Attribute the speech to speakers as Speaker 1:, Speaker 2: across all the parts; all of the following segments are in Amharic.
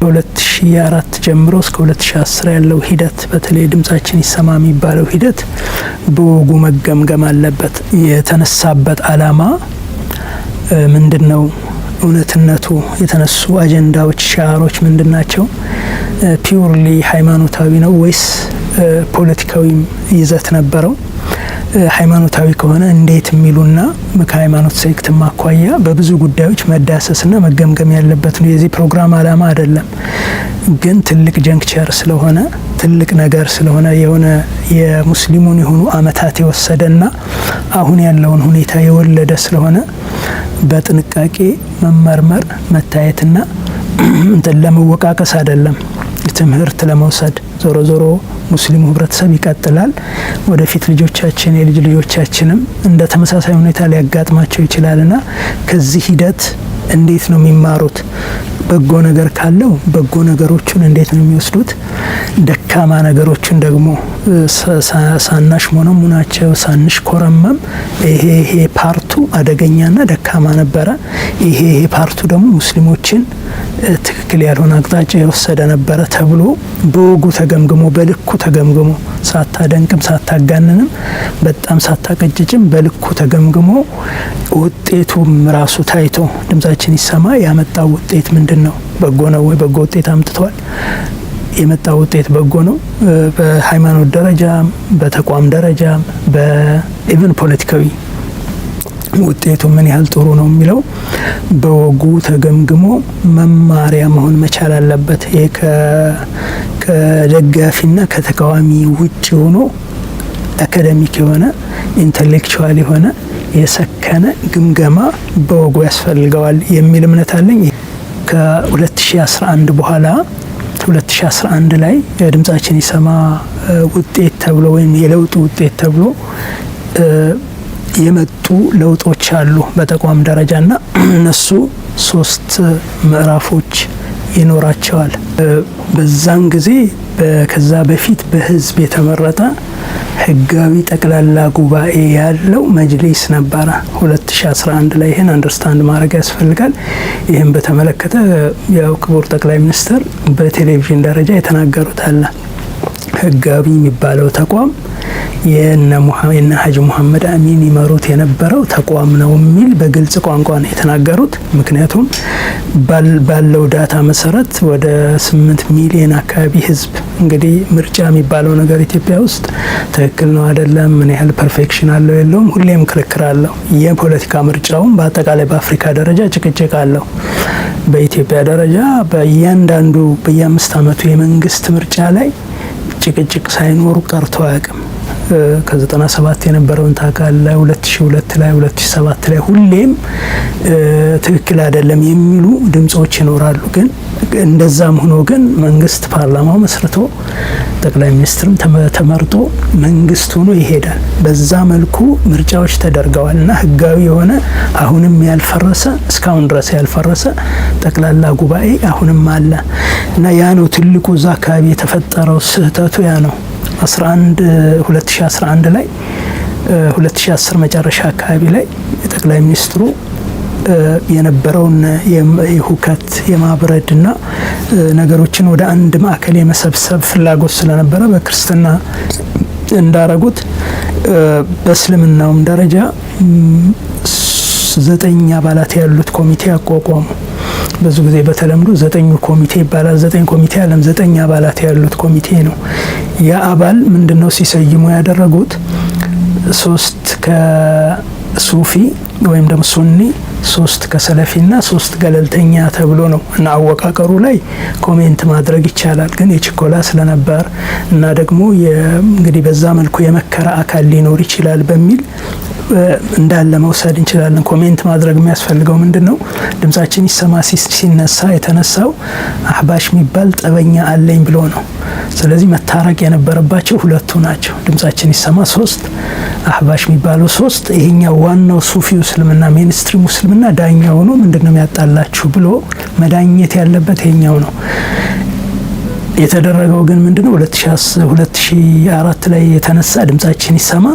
Speaker 1: ከ2004 ጀምሮ እስከ 2010 ያለው ሂደት በተለይ ድምጻችን ይሰማ የሚባለው ሂደት በወጉ መገምገም አለበት። የተነሳበት አላማ ምንድን ነው? እውነትነቱ የተነሱ አጀንዳዎች፣ ሻሮች ምንድን ናቸው? ፒውርሊ ሃይማኖታዊ ነው ወይስ ፖለቲካዊም ይዘት ነበረው? ሃይማኖታዊ ከሆነ እንዴት የሚሉና ከሃይማኖት ሴክትም አኳያ በብዙ ጉዳዮች መዳሰስና መገምገም ያለበት ነው። የዚህ ፕሮግራም አላማ አይደለም፣ ግን ትልቅ ጀንክቸር ስለሆነ ትልቅ ነገር ስለሆነ የሆነ የሙስሊሙን የሆኑ አመታት የወሰደና አሁን ያለውን ሁኔታ የወለደ ስለሆነ በጥንቃቄ መመርመር መታየትና እንትን ለመወቃቀስ አይደለም፣ ትምህርት ለመውሰድ ዞሮ ዞሮ ሙስሊሙ ህብረተሰብ ይቀጥላል። ወደፊት ልጆቻችን የልጅ ልጆቻችንም እንደ ተመሳሳይ ሁኔታ ሊያጋጥማቸው ይችላልና ከዚህ ሂደት እንዴት ነው የሚማሩት? በጎ ነገር ካለው በጎ ነገሮቹን እንዴት ነው የሚወስዱት? ደካማ ነገሮቹን ደግሞ ሳናሽ ሙናቸው ሳንሽ ኮረመም ይሄ ይሄ ፓርቱ አደገኛና ደካማ ነበረ፣ ይሄ ይሄ ፓርቱ ደግሞ ሙስሊሞችን ትክክል ያልሆነ አቅጣጫ የወሰደ ነበረ ተብሎ በወጉ ተገምግሞ በልኩ ተገምግሞ ሳታደንቅም ሳታጋንንም በጣም ሳታቀጭጭም በልኩ ተገምግሞ ውጤቱም ራሱ ታይቶ ድምጻችን ይሰማ ያመጣው ውጤት ምንድን ነው? በጎ ነው ወይ? በጎ ውጤት አምጥቷል። የመጣው ውጤት በጎ ነው። በሃይማኖት ደረጃ በተቋም ደረጃ በኢቨን ፖለቲካዊ ውጤቱ ምን ያህል ጥሩ ነው የሚለው በወጉ ተገምግሞ መማሪያ መሆን መቻል አለበት። ይሄ ከደጋፊና ከተቃዋሚ ውጭ ሆኖ አካደሚክ የሆነ ኢንተሌክቹዋል የሆነ የሰከነ ግምገማ በወጉ ያስፈልገዋል የሚል እምነት አለኝ። ከ2011 በኋላ 2011 ላይ ድምጻችን ይሰማ ውጤት ተብሎ ወይም የለውጥ ውጤት ተብሎ የመጡ ለውጦች አሉ በተቋም ደረጃ ና እነሱ ሶስት ምዕራፎች ይኖራቸዋል። በዛን ጊዜ ከዛ በፊት በህዝብ የተመረጠ ህጋዊ ጠቅላላ ጉባኤ ያለው መጅሊስ ነበረ 2011 ላይ። ይህን አንደርስታንድ ማድረግ ያስፈልጋል። ይህም በተመለከተ ያው ክቡር ጠቅላይ ሚኒስትር በቴሌቪዥን ደረጃ የተናገሩት አለ ህጋዊ የሚባለው ተቋም የነ ሀጅ ሙሐመድ አሚን ይመሩት የነበረው ተቋም ነው የሚል በግልጽ ቋንቋ ነው የተናገሩት። ምክንያቱም ባለው ዳታ መሰረት ወደ ስምንት ሚሊዮን አካባቢ ህዝብ እንግዲህ ምርጫ የሚባለው ነገር ኢትዮጵያ ውስጥ ትክክል ነው አይደለም፣ ምን ያህል ፐርፌክሽን አለው የለውም፣ ሁሌም ክርክር አለው። የፖለቲካ ምርጫውም በአጠቃላይ በአፍሪካ ደረጃ ጭቅጭቅ አለው። በኢትዮጵያ ደረጃ በእያንዳንዱ በየአምስት ዓመቱ የመንግስት ምርጫ ላይ ጭቅጭቅ ሳይኖሩ ቀርቶ አያውቅም። ከ97 የነበረውን ታውቃለህ 2002 ላይ 2007 ላይ ሁሌም ትክክል አይደለም የሚሉ ድምጾች ይኖራሉ። ግን እንደዛም ሆኖ ግን መንግስት ፓርላማው መስርቶ ጠቅላይ ሚኒስትርም ተመርጦ መንግስት ሆኖ ይሄዳል። በዛ መልኩ ምርጫዎች ተደርገዋል እና ህጋዊ የሆነ አሁንም ያልፈረሰ እስካሁን ድረስ ያልፈረሰ ጠቅላላ ጉባኤ አሁንም አለ እና ያ ነው ትልቁ እዛ አካባቢ የተፈጠረው ስህተቱ ያ ነው። 2011 ላይ 2010 መጨረሻ አካባቢ ላይ ጠቅላይ ሚኒስትሩ የነበረውን የሁከት የማብረድና ነገሮችን ወደ አንድ ማዕከል የመሰብሰብ ፍላጎት ስለነበረ በክርስትና እንዳረጉት በእስልምናውም ደረጃ ዘጠኝ አባላት ያሉት ኮሚቴ አቋቋሙ። ብዙ ጊዜ በተለምዶ ዘጠኙ ኮሚቴ ይባላል። ዘጠኝ ኮሚቴ አለም ዘጠኝ አባላት ያሉት ኮሚቴ ነው። ያ አባል ምንድነው ሲሰይሙ ያደረጉት ሶስት ከሱፊ ወይም ደግሞ ሱኒ፣ ሶስት ከሰለፊና ሶስት ገለልተኛ ተብሎ ነው እና አወቃቀሩ ላይ ኮሜንት ማድረግ ይቻላል። ግን የችኮላ ስለነበር እና ደግሞ እንግዲህ በዛ መልኩ የመከረ አካል ሊኖር ይችላል በሚል እንዳለ መውሰድ እንችላለን። ኮሜንት ማድረግ የሚያስፈልገው ምንድን ነው? ድምጻችን ይሰማ ሲነሳ የተነሳው አህባሽ የሚባል ጠበኛ አለኝ ብሎ ነው። ስለዚህ መታረቅ የነበረባቸው ሁለቱ ናቸው። ድምጻችን ይሰማ ሶስት፣ አህባሽ የሚባለው ሶስት። ይሄኛው ዋናው ሱፊው እስልምና ሜንስትሪም እስልምና ዳኛ ነው። ምንድን ነው ያጣላችሁ ብሎ መዳኘት ያለበት ይሄኛው ነው። የተደረገው ግን ምንድነው? 2004 ላይ የተነሳ ድምጻችን ይሰማ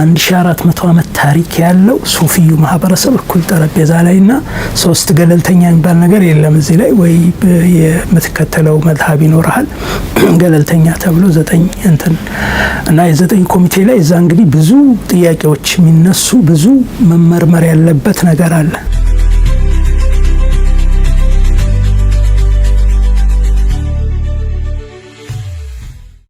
Speaker 1: አንድ ሺ አራት መቶ ዓመት ታሪክ ያለው ሱፊዩ ማህበረሰብ እኩል ጠረጴዛ ላይና ሶስት ገለልተኛ የሚባል ነገር የለም። እዚህ ላይ ወይ የምትከተለው መዝሀብ ይኖርሃል ገለልተኛ ተብሎ ዘጠኝ እንትን እና የዘጠኝ ኮሚቴ ላይ እዛ እንግዲህ ብዙ ጥያቄዎች የሚነሱ ብዙ መመርመር ያለበት ነገር አለ።